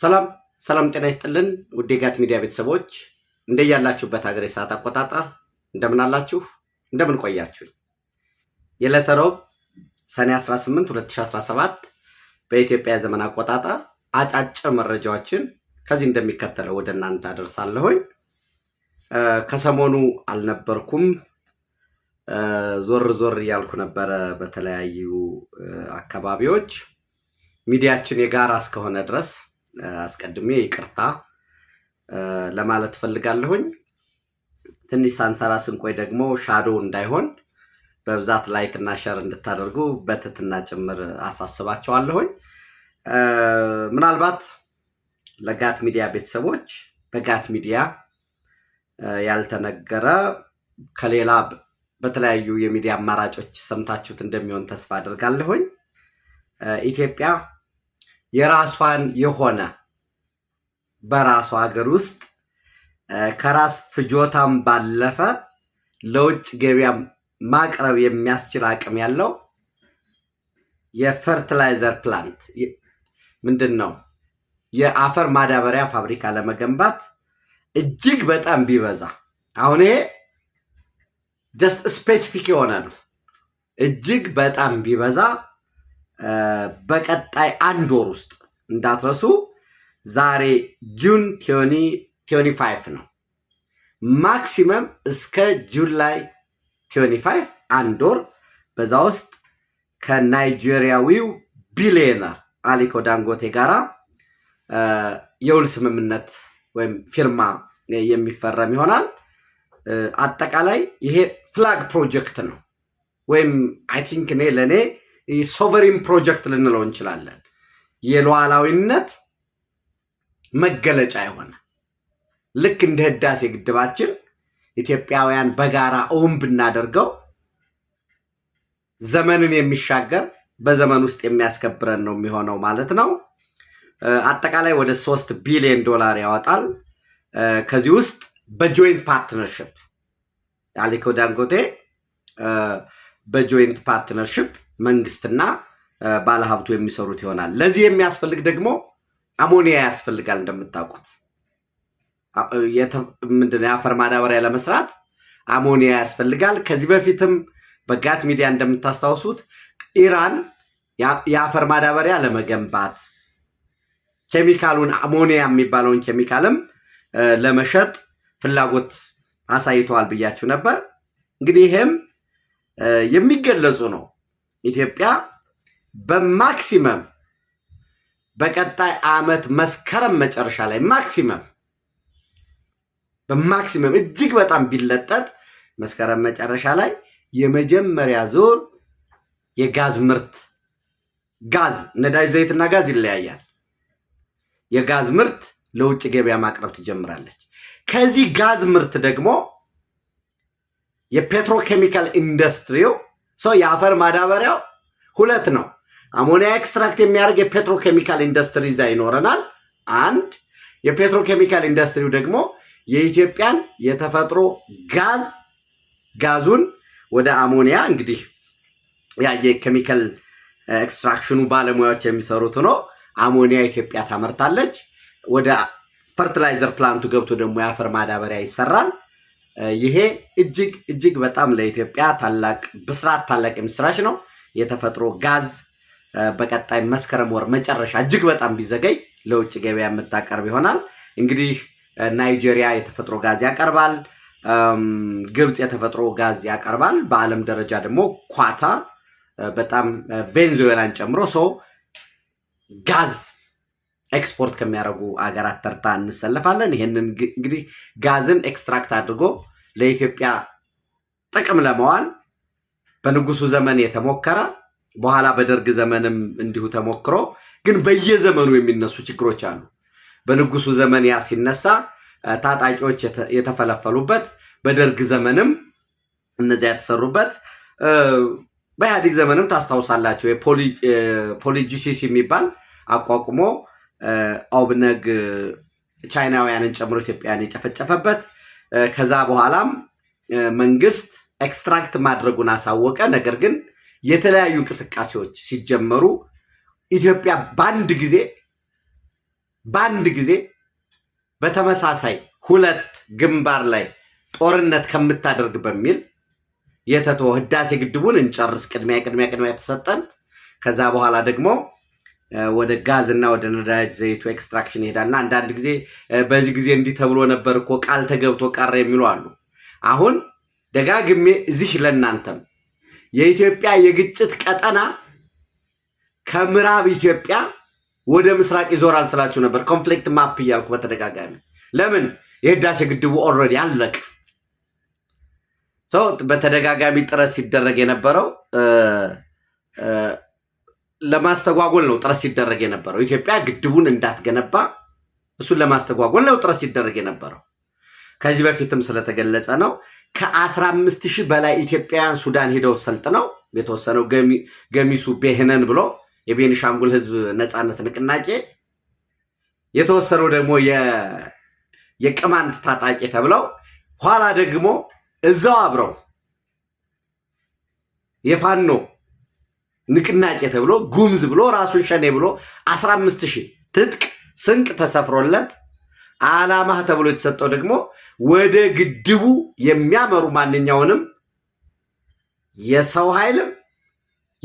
ሰላም ሰላም፣ ጤና ይስጥልን ውዴጋት ሚዲያ ቤተሰቦች እንደያላችሁበት ሀገር የሰዓት አቆጣጠር እንደምን አላችሁ? እንደምን ቆያችሁ? የዕለተ ሰኔ 18 2017 በኢትዮጵያ ዘመን አቆጣጠር አጫጭር መረጃዎችን ከዚህ እንደሚከተለው ወደ እናንተ አደርሳለሁኝ። ከሰሞኑ አልነበርኩም፣ ዞር ዞር እያልኩ ነበረ በተለያዩ አካባቢዎች። ሚዲያችን የጋራ እስከሆነ ድረስ አስቀድሜ ይቅርታ ለማለት ፈልጋለሁኝ። ትንሽ ሳንሰራ ስንቆይ ደግሞ ሻዶ እንዳይሆን በብዛት ላይክ እና ሸር እንድታደርጉ በትትና ጭምር አሳስባቸዋለሁኝ። ምናልባት ለጋት ሚዲያ ቤተሰቦች በጋት ሚዲያ ያልተነገረ ከሌላ በተለያዩ የሚዲያ አማራጮች ሰምታችሁት እንደሚሆን ተስፋ አድርጋለሁኝ። ኢትዮጵያ የራሷን የሆነ በራሷ ሀገር ውስጥ ከራስ ፍጆታም ባለፈ ለውጭ ገበያ ማቅረብ የሚያስችል አቅም ያለው የፈርትላይዘር ፕላንት ምንድን ነው የአፈር ማዳበሪያ ፋብሪካ ለመገንባት እጅግ በጣም ቢበዛ አሁን ይሄ ጀስት ስፔሲፊክ የሆነ ነው። እጅግ በጣም ቢበዛ በቀጣይ አንድ ወር ውስጥ እንዳትረሱ። ዛሬ ጁን ቲዮኒ ፋይፍ ነው። ማክሲመም እስከ ጁላይ ቲዮኒ ፋይፍ አንድ ወር በዛ ውስጥ ከናይጄሪያዊው ቢሊዮነር አሊኮ ዳንጎቴ ጋራ የውል ስምምነት ወይም ፊርማ የሚፈረም ይሆናል። አጠቃላይ ይሄ ፍላግ ፕሮጀክት ነው ወይም አይ ቲንክ እኔ ለእኔ ሶቨሪን ፕሮጀክት ልንለው እንችላለን። የሉዓላዊነት መገለጫ የሆነ ልክ እንደ ህዳሴ ግድባችን ኢትዮጵያውያን በጋራ እውን ብናደርገው ዘመንን የሚሻገር በዘመን ውስጥ የሚያስከብረን ነው የሚሆነው ማለት ነው። አጠቃላይ ወደ ሶስት ቢሊዮን ዶላር ያወጣል። ከዚህ ውስጥ በጆይንት ፓርትነርሽፕ አሊኮ ዳንጎቴ በጆይንት ፓርትነርሽፕ መንግስትና ባለሀብቱ የሚሰሩት ይሆናል። ለዚህ የሚያስፈልግ ደግሞ አሞኒያ ያስፈልጋል። እንደምታውቁት ምንድነው የአፈር ማዳበሪያ ለመስራት አሞኒያ ያስፈልጋል። ከዚህ በፊትም በጋት ሚዲያ እንደምታስታውሱት ኢራን የአፈር ማዳበሪያ ለመገንባት ኬሚካሉን አሞኒያ የሚባለውን ኬሚካልም ለመሸጥ ፍላጎት አሳይተዋል ብያችሁ ነበር። እንግዲህ ይህም የሚገለጹ ነው። ኢትዮጵያ በማክሲመም በቀጣይ ዓመት መስከረም መጨረሻ ላይ ማክሲመም በማክሲመም እጅግ በጣም ቢለጠጥ መስከረም መጨረሻ ላይ የመጀመሪያ ዙር የጋዝ ምርት ጋዝ ነዳጅ ዘይትና ጋዝ ይለያያል። የጋዝ ምርት ለውጭ ገበያ ማቅረብ ትጀምራለች። ከዚህ ጋዝ ምርት ደግሞ የፔትሮኬሚካል ኢንዱስትሪው ሰው የአፈር ማዳበሪያው ሁለት ነው። አሞኒያ ኤክስትራክት የሚያደርግ የፔትሮኬሚካል ኢንዱስትሪ እዛ ይኖረናል። አንድ የፔትሮኬሚካል ኢንዱስትሪው ደግሞ የኢትዮጵያን የተፈጥሮ ጋዝ ጋዙን ወደ አሞኒያ እንግዲህ ያ የኬሚካል ኤክስትራክሽኑ ባለሙያዎች የሚሰሩት ነው። አሞኒያ ኢትዮጵያ ታመርታለች። ወደ ፈርቲላይዘር ፕላንቱ ገብቶ ደግሞ የአፈር ማዳበሪያ ይሰራል። ይሄ እጅግ እጅግ በጣም ለኢትዮጵያ ታላቅ ብስራት ታላቅ የምስራች ነው። የተፈጥሮ ጋዝ በቀጣይ መስከረም ወር መጨረሻ እጅግ በጣም ቢዘገይ ለውጭ ገበያ የምታቀርብ ይሆናል። እንግዲህ ናይጄሪያ የተፈጥሮ ጋዝ ያቀርባል። ግብፅ የተፈጥሮ ጋዝ ያቀርባል። በዓለም ደረጃ ደግሞ ኳታ በጣም ቬንዙዌላን ጨምሮ ሰው ጋዝ ኤክስፖርት ከሚያደርጉ አገራት ተርታ እንሰለፋለን። ይህንን እንግዲህ ጋዝን ኤክስትራክት አድርጎ ለኢትዮጵያ ጥቅም ለመዋል በንጉሱ ዘመን የተሞከረ በኋላ በደርግ ዘመንም እንዲሁ ተሞክሮ ግን በየዘመኑ የሚነሱ ችግሮች አሉ። በንጉሱ ዘመን ያ ሲነሳ ታጣቂዎች የተፈለፈሉበት፣ በደርግ ዘመንም እነዚያ የተሰሩበት፣ በኢህአዲግ ዘመንም ታስታውሳላቸው የፖሊጂሲስ የሚባል አቋቁሞ ኦብነግ ቻይናውያንን ጨምሮ ኢትዮጵያን የጨፈጨፈበት ከዛ በኋላም መንግስት ኤክስትራክት ማድረጉን አሳወቀ። ነገር ግን የተለያዩ እንቅስቃሴዎች ሲጀመሩ ኢትዮጵያ በአንድ ጊዜ በአንድ ጊዜ በተመሳሳይ ሁለት ግንባር ላይ ጦርነት ከምታደርግ በሚል የተቶ ህዳሴ ግድቡን እንጨርስ ቅድሚያ ቅድሚያ ቅድሚያ ተሰጠን። ከዛ በኋላ ደግሞ ወደ ጋዝ እና ወደ ነዳጅ ዘይቱ ኤክስትራክሽን ይሄዳል እና አንዳንድ ጊዜ በዚህ ጊዜ እንዲህ ተብሎ ነበር እኮ ቃል ተገብቶ ቀረ የሚሉ አሉ። አሁን ደጋግሜ እዚህ ለእናንተም የኢትዮጵያ የግጭት ቀጠና ከምዕራብ ኢትዮጵያ ወደ ምስራቅ ይዞራል ስላችሁ ነበር፣ ኮንፍሊክት ማፕ እያልኩ በተደጋጋሚ ለምን የህዳሴ ግድቡ ኦልሬዲ አለቀ። ሰው በተደጋጋሚ ጥረት ሲደረግ የነበረው ለማስተጓጎል ነው ጥረት ሲደረግ የነበረው። ኢትዮጵያ ግድቡን እንዳትገነባ እሱን ለማስተጓጎል ነው ጥረት ሲደረግ የነበረው። ከዚህ በፊትም ስለተገለጸ ነው። ከአስራ አምስት ሺህ በላይ ኢትዮጵያውያን ሱዳን ሄደው ሰልጥነው የተወሰነው ገሚሱ ቤህነን ብሎ የቤኒሻንጉል ህዝብ ነፃነት ንቅናቄ የተወሰነው ደግሞ የቅማንት ታጣቂ ተብለው ኋላ ደግሞ እዛው አብረው የፋኖ ንቅናቄ ተብሎ ጉምዝ ብሎ ራሱ ሸኔ ብሎ አስራ ሺህ ትጥቅ ስንቅ ተሰፍሮለት አላማህ ተብሎ የተሰጠው ደግሞ ወደ ግድቡ የሚያመሩ ማንኛውንም የሰው ኃይልም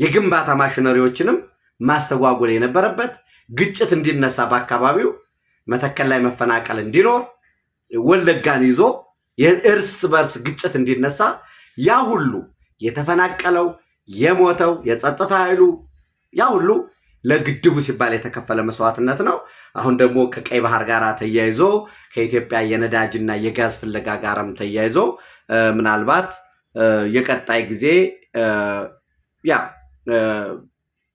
የግንባታ ማሽነሪዎችንም ማስተጓጎል የነበረበት ግጭት እንዲነሳ በአካባቢው መተከል ላይ መፈናቀል እንዲኖር ወለጋን ይዞ የእርስ በርስ ግጭት እንዲነሳ ያ ሁሉ የተፈናቀለው የሞተው የጸጥታ ኃይሉ ያ ሁሉ ለግድቡ ሲባል የተከፈለ መስዋዕትነት ነው። አሁን ደግሞ ከቀይ ባህር ጋር ተያይዞ ከኢትዮጵያ የነዳጅና የጋዝ ፍለጋ ጋርም ተያይዞ ምናልባት የቀጣይ ጊዜ ያ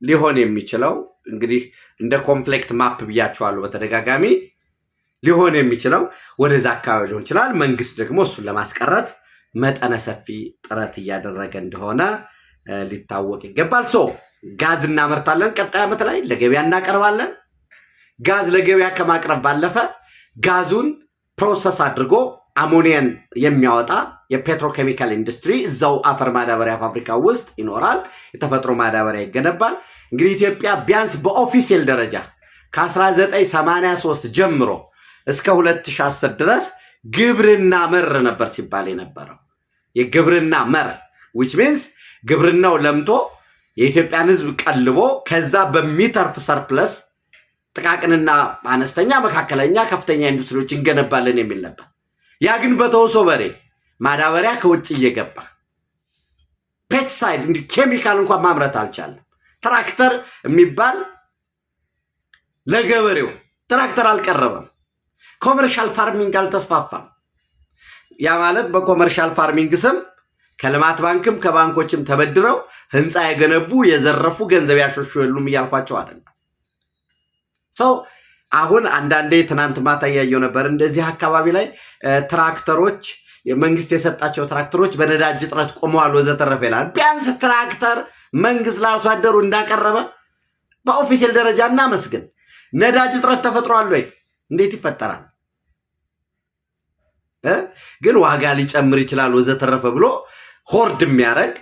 ሊሆን የሚችለው እንግዲህ እንደ ኮንፍሌክት ማፕ ብያቸዋለሁ በተደጋጋሚ ሊሆን የሚችለው ወደዛ አካባቢ ሊሆን ይችላል። መንግስት ደግሞ እሱን ለማስቀረት መጠነ ሰፊ ጥረት እያደረገ እንደሆነ ሊታወቅ ይገባል። ሶ ጋዝ እናመርታለን፣ ቀጣይ ዓመት ላይ ለገበያ እናቀርባለን። ጋዝ ለገበያ ከማቅረብ ባለፈ ጋዙን ፕሮሰስ አድርጎ አሞኒያን የሚያወጣ የፔትሮኬሚካል ኢንዱስትሪ እዛው አፈር ማዳበሪያ ፋብሪካ ውስጥ ይኖራል። የተፈጥሮ ማዳበሪያ ይገነባል። እንግዲህ ኢትዮጵያ ቢያንስ በኦፊሴል ደረጃ ከ1983 ጀምሮ እስከ 2010 ድረስ ግብርና መር ነበር ሲባል የነበረው የግብርና መር ዊች ሚንስ ግብርናው ለምቶ የኢትዮጵያን ህዝብ ቀልቦ ከዛ በሚተርፍ ሰርፕለስ ጥቃቅንና አነስተኛ፣ መካከለኛ፣ ከፍተኛ ኢንዱስትሪዎች እንገነባለን የሚል ነበር። ያ ግን በተውሶ በሬ ማዳበሪያ ከውጭ እየገባ ፔስቲሳይድ እንዲ ኬሚካል እንኳን ማምረት አልቻለም። ትራክተር የሚባል ለገበሬው ትራክተር አልቀረበም። ኮመርሻል ፋርሚንግ አልተስፋፋም። ያ ማለት በኮመርሻል ፋርሚንግ ስም ከልማት ባንክም ከባንኮችም ተበድረው ህንፃ የገነቡ የዘረፉ ገንዘብ ያሾሹ የሉም እያልኳቸው አይደለም። ሰው አሁን አንዳንዴ ትናንት ማታ እያየው ነበር እንደዚህ አካባቢ ላይ ትራክተሮች መንግስት የሰጣቸው ትራክተሮች በነዳጅ እጥረት ቆመዋል ወዘተረፈ ይላል። ቢያንስ ትራክተር መንግስት ለአርሶ አደሩ እንዳቀረበ በኦፊሴል ደረጃ እናመስግን። ነዳጅ እጥረት ተፈጥሯል ወይ? እንዴት ይፈጠራል? ግን ዋጋ ሊጨምር ይችላል ወዘተረፈ ብሎ ሆርድ የሚያደርግ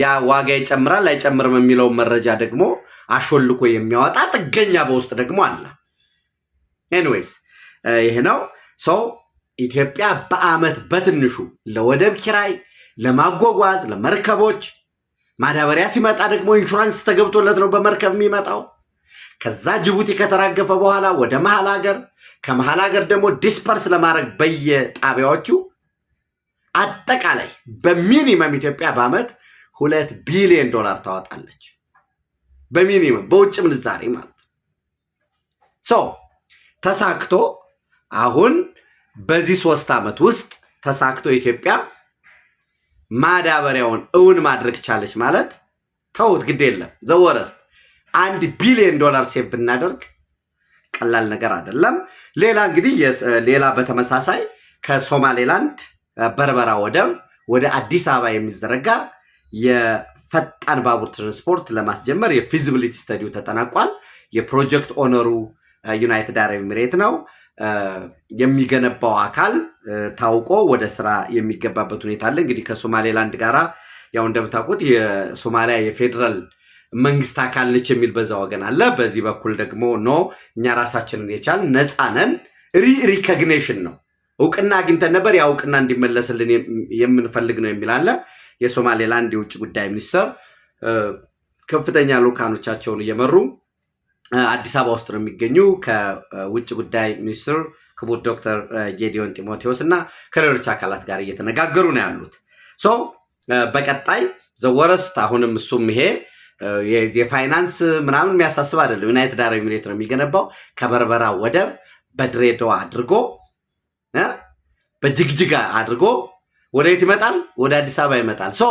ያ ዋጋ ይጨምራል አይጨምርም የሚለውን መረጃ ደግሞ አሾልኮ የሚያወጣ ጥገኛ በውስጥ ደግሞ አለ። ኤኒዌይስ ይህ ነው ሰው ኢትዮጵያ በአመት በትንሹ ለወደብ ኪራይ፣ ለማጓጓዝ፣ ለመርከቦች ማዳበሪያ ሲመጣ ደግሞ ኢንሹራንስ ተገብቶለት ነው በመርከብ የሚመጣው። ከዛ ጅቡቲ ከተራገፈ በኋላ ወደ መሀል ሀገር፣ ከመሀል ሀገር ደግሞ ዲስፐርስ ለማድረግ በየጣቢያዎቹ አጠቃላይ በሚኒመም ኢትዮጵያ በዓመት ሁለት ቢሊዮን ዶላር ታወጣለች። በሚኒመም በውጭ ምንዛሬ ማለት ነው። ተሳክቶ አሁን በዚህ ሶስት ዓመት ውስጥ ተሳክቶ ኢትዮጵያ ማዳበሪያውን እውን ማድረግ ቻለች ማለት ተውት፣ ግድ የለም ዘወረስ አንድ ቢሊዮን ዶላር ሴቭ ብናደርግ ቀላል ነገር አይደለም። ሌላ እንግዲህ ሌላ በተመሳሳይ ከሶማሌላንድ በርበራ ወደብ ወደ አዲስ አበባ የሚዘረጋ የፈጣን ባቡር ትራንስፖርት ለማስጀመር የፊዚቢሊቲ ስተዲው ተጠናቋል። የፕሮጀክት ኦነሩ ዩናይትድ አረብ ኤምሬት ነው። የሚገነባው አካል ታውቆ ወደ ስራ የሚገባበት ሁኔታ አለ። እንግዲህ ከሶማሌላንድ ጋራ ያው እንደምታውቁት የሶማሊያ የፌዴራል መንግስት አካል ነች የሚል በዛ ወገን አለ። በዚህ በኩል ደግሞ ኖ እኛ ራሳችንን የቻል ነፃ ነን ነው እውቅና አግኝተን ነበር። ያ እውቅና እንዲመለስልን የምንፈልግ ነው የሚላለ አለ። የሶማሌላንድ የውጭ ጉዳይ ሚኒስትር ከፍተኛ ልኡካኖቻቸውን እየመሩ አዲስ አበባ ውስጥ ነው የሚገኙ ከውጭ ጉዳይ ሚኒስትር ክቡር ዶክተር ጌዲዮን ጢሞቴዎስ እና ከሌሎች አካላት ጋር እየተነጋገሩ ነው ያሉት። በቀጣይ ዘወረስት አሁንም እሱም ይሄ የፋይናንስ ምናምን የሚያሳስብ አይደለም። ዩናይትድ አረብ ኤሚሬት ነው የሚገነባው ከበርበራ ወደብ በድሬዳዋ አድርጎ በጅግጅጋ አድርጎ ወደ የት ይመጣል? ወደ አዲስ አበባ ይመጣል። ሶ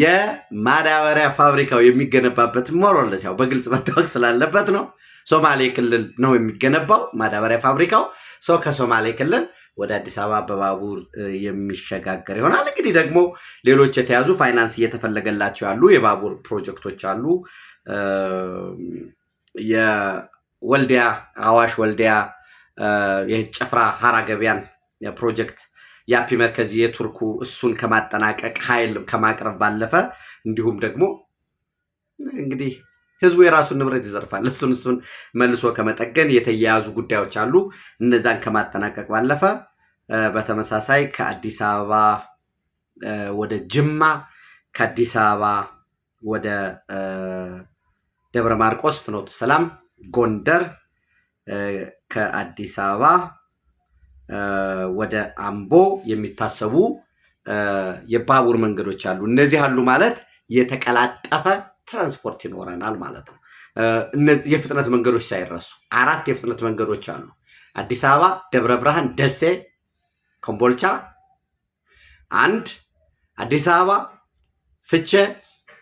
የማዳበሪያ ፋብሪካው የሚገነባበት ሞሮለስ ያው በግልጽ መታወቅ ስላለበት ነው። ሶማሌ ክልል ነው የሚገነባው ማዳበሪያ ፋብሪካው። ሰው ከሶማሌ ክልል ወደ አዲስ አበባ በባቡር የሚሸጋገር ይሆናል። እንግዲህ ደግሞ ሌሎች የተያዙ ፋይናንስ እየተፈለገላቸው ያሉ የባቡር ፕሮጀክቶች አሉ። የወልዲያ አዋሽ ወልዲያ የጭፍራ ሀራ ፕሮጀክት የአፒ መርከዝ የቱርኩ እሱን ከማጠናቀቅ ኃይል ከማቅረብ ባለፈ እንዲሁም ደግሞ እንግዲህ ህዝቡ የራሱን ንብረት ይዘርፋል። እሱን እሱን መልሶ ከመጠገን የተያያዙ ጉዳዮች አሉ። እነዛን ከማጠናቀቅ ባለፈ በተመሳሳይ ከአዲስ አበባ ወደ ጅማ፣ ከአዲስ አበባ ወደ ደብረ ማርቆስ፣ ፍኖተ ሰላም፣ ጎንደር ከአዲስ አበባ ወደ አምቦ የሚታሰቡ የባቡር መንገዶች አሉ። እነዚህ አሉ ማለት የተቀላጠፈ ትራንስፖርት ይኖረናል ማለት ነው። የፍጥነት መንገዶች ሳይረሱ አራት የፍጥነት መንገዶች አሉ። አዲስ አበባ፣ ደብረ ብርሃን፣ ደሴ፣ ኮምቦልቻ አንድ አዲስ አበባ ፍቼ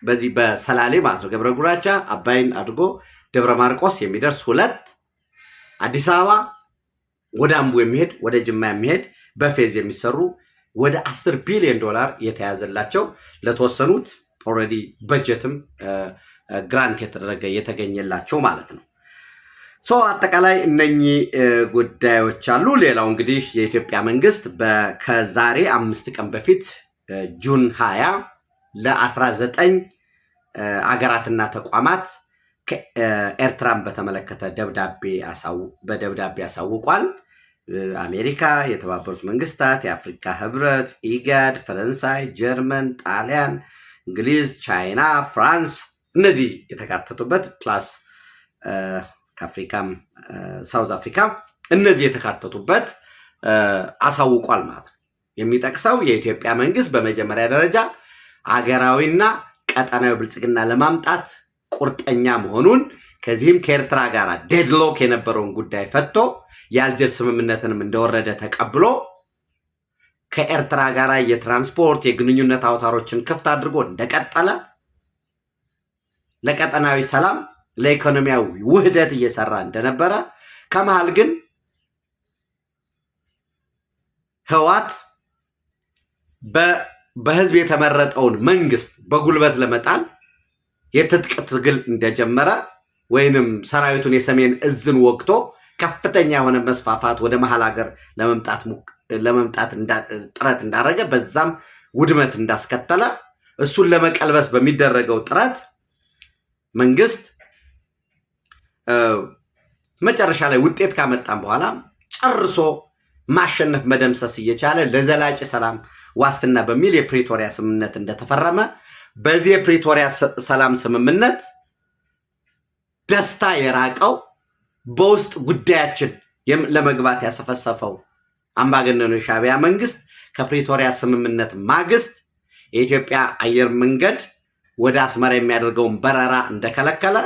በዚህ በሰላሌ ማለት ነው ገብረ ጉራቻ አባይን አድርጎ ደብረ ማርቆስ የሚደርስ ሁለት አዲስ አበባ ወደ አምቦ የሚሄድ ወደ ጅማ የሚሄድ በፌዝ የሚሰሩ ወደ አስር ቢሊዮን ዶላር የተያዘላቸው ለተወሰኑት ኦልሬዲ በጀትም ግራንት የተደረገ የተገኘላቸው ማለት ነው። ሶ አጠቃላይ እነኚህ ጉዳዮች አሉ። ሌላው እንግዲህ የኢትዮጵያ መንግስት ከዛሬ አምስት ቀን በፊት ጁን ሀያ ለአስራ ዘጠኝ አገራትና ተቋማት ኤርትራን በተመለከተ ደብዳቤ በደብዳቤ አሳውቋል። አሜሪካ፣ የተባበሩት መንግስታት፣ የአፍሪካ ህብረት፣ ኢጋድ፣ ፈረንሳይ፣ ጀርመን፣ ጣሊያን፣ እንግሊዝ፣ ቻይና፣ ፍራንስ እነዚህ የተካተቱበት ፕላስ ከአፍሪካም ሳውዝ አፍሪካ እነዚህ የተካተቱበት አሳውቋል ማለት ነው። የሚጠቅሰው የኢትዮጵያ መንግስት በመጀመሪያ ደረጃ አገራዊና ቀጠናዊ ብልጽግና ለማምጣት ቁርጠኛ መሆኑን ከዚህም ከኤርትራ ጋር ዴድሎክ የነበረውን ጉዳይ ፈቶ የአልጀር ስምምነትንም እንደወረደ ተቀብሎ ከኤርትራ ጋር የትራንስፖርት የግንኙነት አውታሮችን ክፍት አድርጎ እንደቀጠለ ለቀጠናዊ ሰላም ለኢኮኖሚያዊ ውህደት እየሰራ እንደነበረ ከመሃል ግን ህዋት በህዝብ የተመረጠውን መንግስት በጉልበት ለመጣል የትጥቅ ትግል እንደጀመረ ወይንም ሰራዊቱን የሰሜን እዝን ወቅቶ ከፍተኛ የሆነ መስፋፋት ወደ መሀል ሀገር ለመምጣት ጥረት እንዳደረገ በዛም ውድመት እንዳስከተለ እሱን ለመቀልበስ በሚደረገው ጥረት መንግስት መጨረሻ ላይ ውጤት ካመጣም በኋላ ጨርሶ ማሸነፍ መደምሰስ እየቻለ ለዘላቂ ሰላም ዋስትና በሚል የፕሪቶሪያ ስምምነት እንደተፈረመ በዚህ የፕሪቶሪያ ሰላም ስምምነት ደስታ የራቀው በውስጥ ጉዳያችን ለመግባት ያሰፈሰፈው አምባገነኑ የሻቢያ መንግስት ከፕሪቶሪያ ስምምነት ማግስት የኢትዮጵያ አየር መንገድ ወደ አስመራ የሚያደርገውን በረራ እንደከለከለ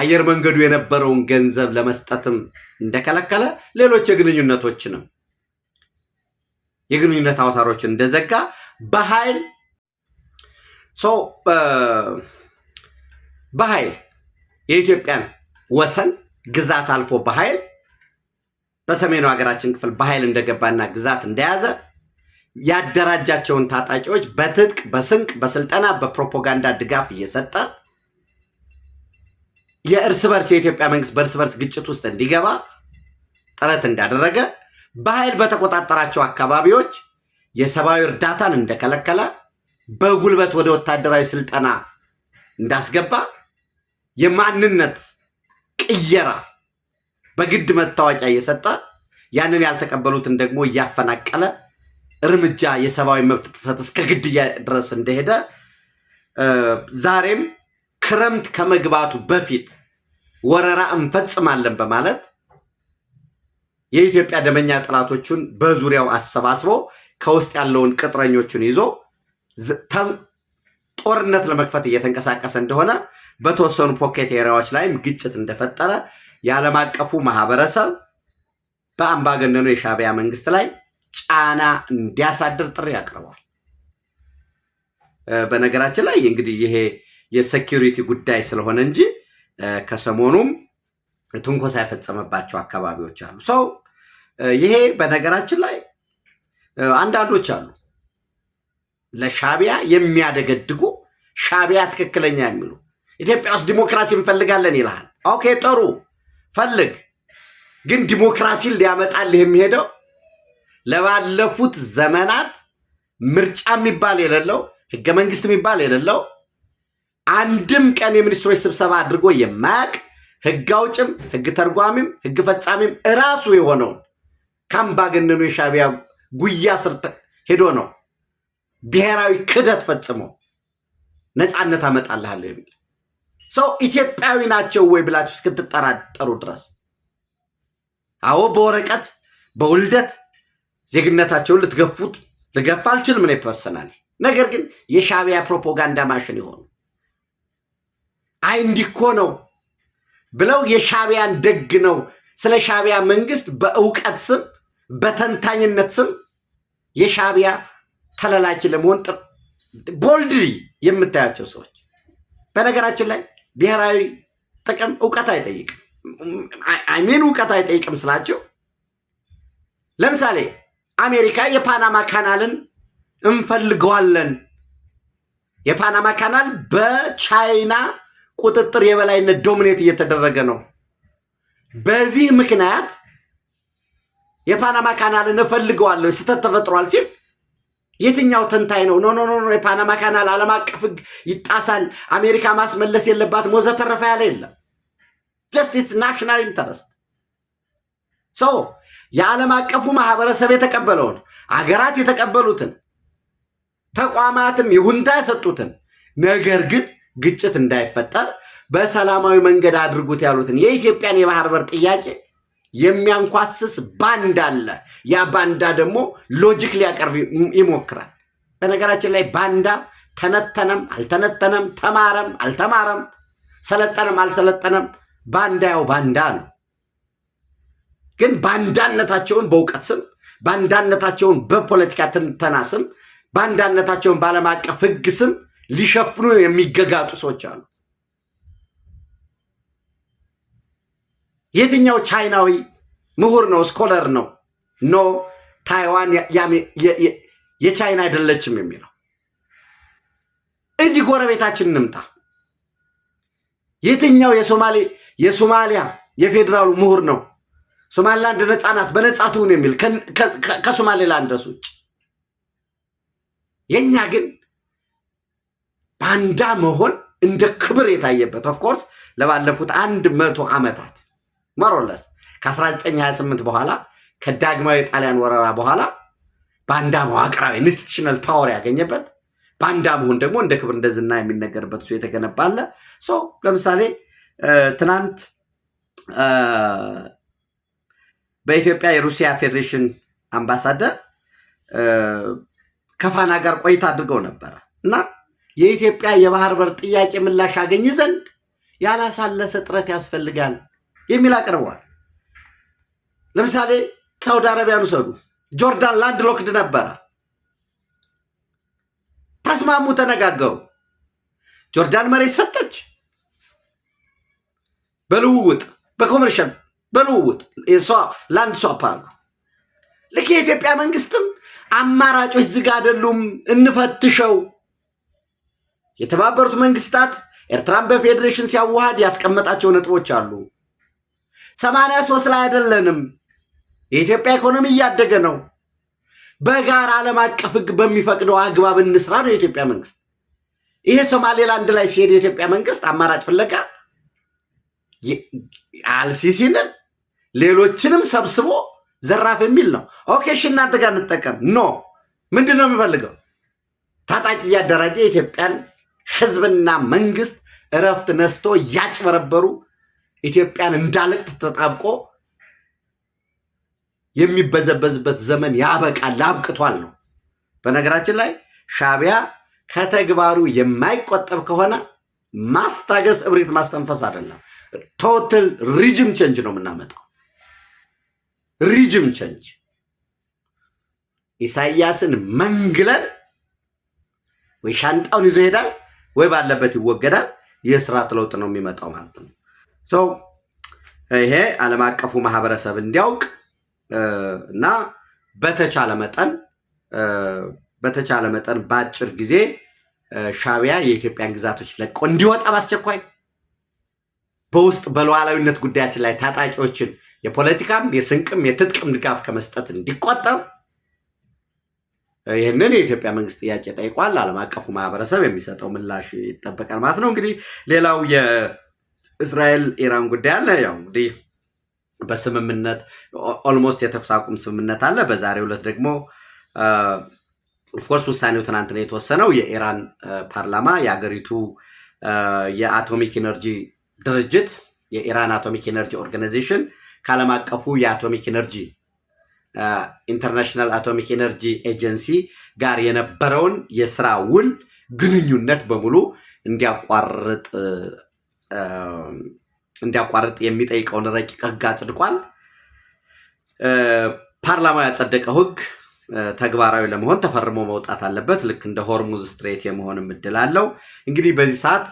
አየር መንገዱ የነበረውን ገንዘብ ለመስጠትም እንደከለከለ ሌሎች የግንኙነቶችንም የግንኙነት አውታሮችን እንደዘጋ በኃይል ሰው በኃይል የኢትዮጵያን ወሰን ግዛት አልፎ በኃይል በሰሜኑ ሀገራችን ክፍል በኃይል እንደገባና ግዛት እንደያዘ ያደራጃቸውን ታጣቂዎች በትጥቅ በስንቅ በስልጠና በፕሮፓጋንዳ ድጋፍ እየሰጠ የእርስ በርስ የኢትዮጵያ መንግስት በእርስ በርስ ግጭት ውስጥ እንዲገባ ጥረት እንዳደረገ በኃይል በተቆጣጠራቸው አካባቢዎች የሰብአዊ እርዳታን እንደከለከለ በጉልበት ወደ ወታደራዊ ስልጠና እንዳስገባ የማንነት ቅየራ በግድ መታወቂያ እየሰጠ ያንን ያልተቀበሉትን ደግሞ እያፈናቀለ እርምጃ የሰብአዊ መብት ጥሰት እስከ ግድያ ድረስ እንደሄደ ዛሬም ክረምት ከመግባቱ በፊት ወረራ እንፈጽማለን በማለት የኢትዮጵያ ደመኛ ጠላቶቹን በዙሪያው አሰባስቦ ከውስጥ ያለውን ቅጥረኞቹን ይዞ ጦርነት ለመክፈት እየተንቀሳቀሰ እንደሆነ በተወሰኑ ፖኬት ኤሪያዎች ላይም ግጭት እንደፈጠረ የዓለም አቀፉ ማህበረሰብ በአምባገነኑ የሻዕቢያ መንግስት ላይ ጫና እንዲያሳድር ጥሪ አቅርቧል። በነገራችን ላይ እንግዲህ ይሄ የሴኪሪቲ ጉዳይ ስለሆነ እንጂ ከሰሞኑም ትንኮሳ የፈጸመባቸው አካባቢዎች አሉ። ሰው ይሄ በነገራችን ላይ አንዳንዶች አሉ ለሻቢያ የሚያደገድጉ ሻቢያ ትክክለኛ የሚሉ ኢትዮጵያ ውስጥ ዲሞክራሲ እንፈልጋለን ይልሃል። ኦኬ ጥሩ ፈልግ። ግን ዲሞክራሲን ሊያመጣልህ የሚሄደው ለባለፉት ዘመናት ምርጫ የሚባል የሌለው ህገ መንግስት የሚባል የሌለው አንድም ቀን የሚኒስትሮች ስብሰባ አድርጎ የማያቅ ህግ አውጭም ህግ ተርጓሚም ህግ ፈጻሚም እራሱ የሆነውን ከአምባገነኑ የሻቢያ ጉያ ስር ሄዶ ነው ብሔራዊ ክደት ፈጽሞ ነፃነት አመጣልሃለሁ የሚል ሰው ኢትዮጵያዊ ናቸው ወይ ብላችሁ እስክትጠራጠሩ ድረስ አዎ፣ በወረቀት በውልደት ዜግነታቸውን ልትገፉት ልገፋ አልችልም እኔ ፐርሰናል። ነገር ግን የሻቢያ ፕሮፓጋንዳ ማሽን የሆኑ አይ ነው ብለው የሻቢያን ደግ ነው ስለ ሻቢያ መንግስት በእውቀት ስም በተንታኝነት ስም የሻቢያ ተለላኪ ለመሆን ቦልድሪ የምታያቸው ሰዎች በነገራችን ላይ ብሔራዊ ጥቅም እውቀት አይጠይቅም። አይሜን እውቀት አይጠይቅም ስላቸው ለምሳሌ አሜሪካ የፓናማ ካናልን እንፈልገዋለን የፓናማ ካናል በቻይና ቁጥጥር የበላይነት ዶሚኔት እየተደረገ ነው። በዚህ ምክንያት የፓናማ ካናልን እፈልገዋለሁ ስህተት ተፈጥሯል ሲል የትኛው ተንታይ ነው? ኖ ኖ ኖ የፓናማ ካናል ዓለም አቀፍ ሕግ ይጣሳል፣ አሜሪካ ማስመለስ የለባት ወዘተረፈ ያለ የለም። ጀስት ኢትስ ናሽናል ኢንተረስት ሶ የዓለም አቀፉ ማህበረሰብ የተቀበለውን አገራት የተቀበሉትን ተቋማትም ይሁንታ የሰጡትን ነገር ግን ግጭት እንዳይፈጠር በሰላማዊ መንገድ አድርጉት ያሉትን የኢትዮጵያን የባህር በር ጥያቄ የሚያንኳስስ ባንዳ አለ። ያ ባንዳ ደግሞ ሎጂክ ሊያቀርብ ይሞክራል። በነገራችን ላይ ባንዳ ተነተነም አልተነተነም፣ ተማረም አልተማረም፣ ሰለጠነም አልሰለጠነም፣ ባንዳ ያው ባንዳ ነው። ግን ባንዳነታቸውን በእውቀት ስም፣ ባንዳነታቸውን በፖለቲካ ትንተና ስም፣ ባንዳነታቸውን በዓለም አቀፍ ሕግ ስም ሊሸፍኑ የሚገጋጡ ሰዎች አሉ። የትኛው ቻይናዊ ምሁር ነው ስኮለር ነው ኖ ታይዋን የቻይና አይደለችም የሚለው? እዚህ ጎረቤታችን እንምጣ። የትኛው የሶማሌ የሶማሊያ የፌዴራሉ ምሁር ነው ሶማሊላንድ ነፃ ናት በነፃ ትሁን የሚል ከሶማሌላንድስ ውጭ? የእኛ ግን ባንዳ መሆን እንደ ክብር የታየበት ኦፍኮርስ ለባለፉት አንድ መቶ ዓመታት ሞሮለስ ከ1928 በኋላ ከዳግማዊ ጣሊያን ወረራ በኋላ ባንዳ መዋቅራዊ ኢንስቲቱሽናል ፓወር ያገኘበት ባንዳ መሆን ደግሞ እንደ ክብር እንደ ዝና የሚነገርበት እሱ የተገነባ አለ። ለምሳሌ ትናንት በኢትዮጵያ የሩሲያ ፌዴሬሽን አምባሳደር ከፋና ጋር ቆይታ አድርገው ነበረ እና የኢትዮጵያ የባህር በር ጥያቄ ምላሽ አገኝ ዘንድ ያላሳለሰ ጥረት ያስፈልጋል የሚል አቅርበዋል። ለምሳሌ ሳውዲ አረቢያን ውሰዱ። ጆርዳን ላንድ ሎክድ ነበረ። ተስማሙ፣ ተነጋገሩ። ጆርዳን መሬት ሰጠች በልውውጥ በኮመርሻል በልውውጥ ላንድ ሷፕ አሉ። ልክ የኢትዮጵያ መንግስትም አማራጮች ዝግ አይደሉም፣ እንፈትሸው። የተባበሩት መንግስታት ኤርትራን በፌዴሬሽን ሲያዋሃድ ያስቀመጣቸው ነጥቦች አሉ። ሰማንያ ሶስት ላይ አይደለንም። የኢትዮጵያ ኢኮኖሚ እያደገ ነው። በጋራ ዓለም አቀፍ ህግ በሚፈቅደው አግባብ እንስራ ነው የኢትዮጵያ መንግስት። ይሄ ሶማሌላንድ ላይ ሲሄድ የኢትዮጵያ መንግስት አማራጭ ፍለጋ አልሲሲንን ሌሎችንም ሰብስቦ ዘራፍ የሚል ነው። ኦኬ እሺ እናንተ ጋር እንጠቀም ኖ ምንድን ነው የሚፈልገው? ታጣቂ እያደራጀ የኢትዮጵያን ህዝብና መንግስት እረፍት ነስቶ እያጭበረበሩ ኢትዮጵያን እንዳለቅጥ ተጣብቆ የሚበዘበዝበት ዘመን ያበቃል፣ አብቅቷል ነው። በነገራችን ላይ ሻቢያ ከተግባሩ የማይቆጠብ ከሆነ ማስታገስ እብሪት ማስተንፈስ አይደለም፣ ቶትል ሪጅም ቼንጅ ነው የምናመጣው። ሪጅም ቼንጅ ኢሳያስን መንግለን ወይ ሻንጣውን ይዞ ይሄዳል ወይ ባለበት ይወገዳል። የስርዓት ለውጥ ነው የሚመጣው ማለት ነው። ሰው ይሄ ዓለም አቀፉ ማህበረሰብ እንዲያውቅ እና በተቻለ መጠን በተቻለ መጠን በአጭር ጊዜ ሻቢያ የኢትዮጵያን ግዛቶች ለቆ እንዲወጣ በአስቸኳይ በውስጥ በሉዓላዊነት ጉዳያችን ላይ ታጣቂዎችን የፖለቲካም የስንቅም የትጥቅም ድጋፍ ከመስጠት እንዲቆጠብ ይህንን የኢትዮጵያ መንግስት ጥያቄ ጠይቋል። ዓለም አቀፉ ማህበረሰብ የሚሰጠው ምላሽ ይጠበቃል ማለት ነው። እንግዲህ ሌላው እስራኤል ኢራን ጉዳይ አለ። ያው እንግዲህ በስምምነት ኦልሞስት የተኩስ አቁም ስምምነት አለ። በዛሬው ዕለት ደግሞ ኦፍኮርስ ውሳኔው ነው የተወሰነው የኢራን ፓርላማ የአገሪቱ የአቶሚክ ኤነርጂ ድርጅት የኢራን አቶሚክ ኤነርጂ ኦርጋናይዜሽን ከዓለም አቀፉ የአቶሚክ ኤነርጂ ኢንተርናሽናል አቶሚክ ኤነርጂ ኤጀንሲ ጋር የነበረውን የስራ ውል ግንኙነት በሙሉ እንዲያቋርጥ እንዲያቋርጥ የሚጠይቀውን ረቂቅ ህግ አጽድቋል። ፓርላማው ያጸደቀው ህግ ተግባራዊ ለመሆን ተፈርሞ መውጣት አለበት። ልክ እንደ ሆርሙዝ ስትሬት የመሆንም እድል አለው። እንግዲህ በዚህ ሰዓት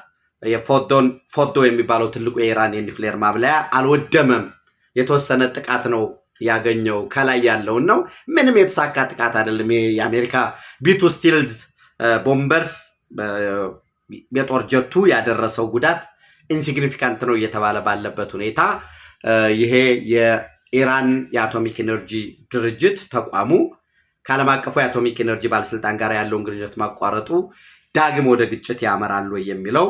ፎዶ የሚባለው ትልቁ የኢራን የኒክሌር ማብለያ አልወደመም። የተወሰነ ጥቃት ነው ያገኘው ከላይ ያለውን ነው። ምንም የተሳካ ጥቃት አይደለም። የአሜሪካ ቢቱ ስቲልዝ ቦምበርስ የጦር ጀቱ ያደረሰው ጉዳት ኢንሲግኒፊካንት ነው እየተባለ ባለበት ሁኔታ ይሄ የኢራን የአቶሚክ ኤነርጂ ድርጅት ተቋሙ ከዓለም አቀፉ የአቶሚክ ኤነርጂ ባለስልጣን ጋር ያለውን ግንኙነት ማቋረጡ ዳግም ወደ ግጭት ያመራሉ የሚለው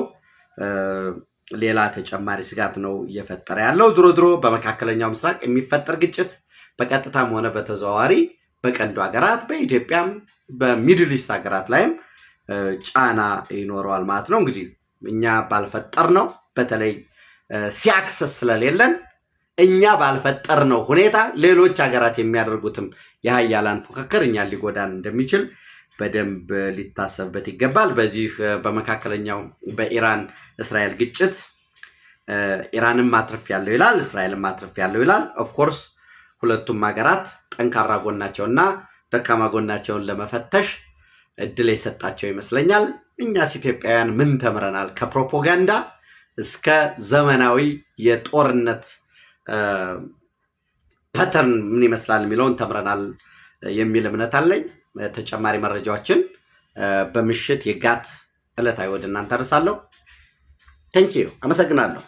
ሌላ ተጨማሪ ስጋት ነው እየፈጠረ ያለው። ድሮ ድሮ በመካከለኛው ምስራቅ የሚፈጠር ግጭት በቀጥታም ሆነ በተዘዋዋሪ በቀንዱ ሀገራት በኢትዮጵያም በሚድል ኢስት ሀገራት ላይም ጫና ይኖረዋል ማለት ነው። እንግዲህ እኛ ባልፈጠር ነው በተለይ ሲያክሰስ ስለሌለን እኛ ባልፈጠርነው ሁኔታ ሌሎች ሀገራት የሚያደርጉትም የሀያላን ፉክክር እኛ ሊጎዳን እንደሚችል በደንብ ሊታሰብበት ይገባል። በዚህ በመካከለኛው በኢራን እስራኤል ግጭት ኢራንም ማትረፍ ያለው ይላል፣ እስራኤልም ማትረፍ ያለው ይላል። ኦፍኮርስ ሁለቱም ሀገራት ጠንካራ ጎናቸውና ደካማ ጎናቸውን ለመፈተሽ እድል የሰጣቸው ይመስለኛል። እኛስ ኢትዮጵያውያን ምን ተምረናል ከፕሮፓጋንዳ እስከ ዘመናዊ የጦርነት ፐተርን ምን ይመስላል የሚለውን ተምረናል የሚል እምነት አለኝ። ተጨማሪ መረጃዎችን በምሽት የጋት ዕለታዊ ወደ እናንተ አደርሳለሁ። ተንኪዩ አመሰግናለሁ።